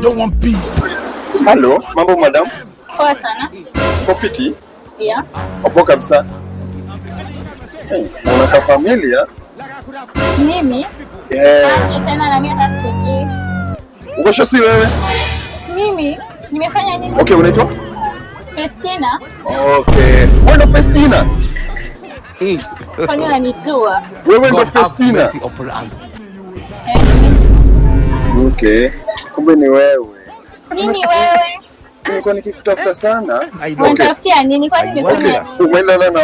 don't want peace. Hello, mambo madam? Poa sana. Yeah. kabisa. Hey, una familia? Mimi? Yeah. Ah, tena na mimi Ukosha si wewe? Mimi nimefanya nini? Okay, unaitwa? Festina. Okay. Wewe ndo Festina? Kwani unanitua? Wewe ndo Festina? Eh, okay. Kumbe ni wewe. Nini wewe? Nilikuwa nikikutafuta sana. Unatafutia nini? Kwani nimefanya nini? Umelala na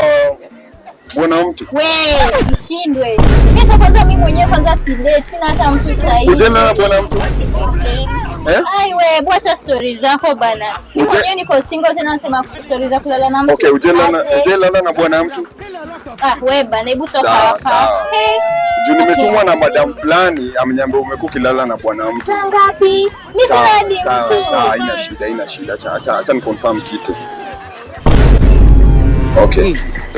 bwana mtu? Wewe, ushindwe. Hata kwanza mimi mwenyewe kwanza si date, sina hata mtu sahihi. Unalala na bwana mtu? Eh? Ai wewe, bwacha story zako bana. Mimi mwenyewe niko single tena nasema story za kulala na mtu. Okay, unalala na unalala na bwana mtu? Ah, wewe bana, hebu toka hapa. Hey nimetumwa yaani na madam fulani ameniambia umekuwa kilala na bwana mtu. Saa ngapi? Mimi sina mtu. Sawa, haina shida, haina shida. Acha acha acha ni confirm kitu. Okay.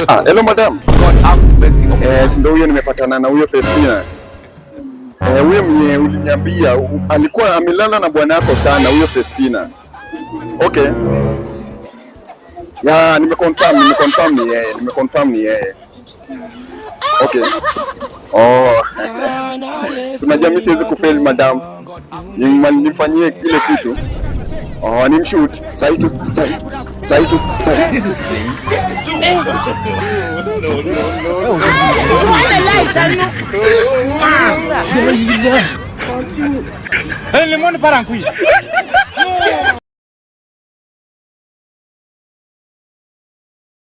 Ah, hello madam. Eh, ndio huyo nimepatana na huyo Festina. Eh, wewe mwenye uliniambia alikuwa amelala na bwana yako sana huyo Festina. Okay. Ya, nimeconfirm, nimeconfirm ni yeye, nimeconfirm ni yeye. Okay. Oh. Unajua mimi siwezi kufail madam. Nifanyie kile kitu. Oh, ni mshoot. Sahi tu. Sahi. Sahi tu. Sahi. This is clean. Hey, limoni parang kuya.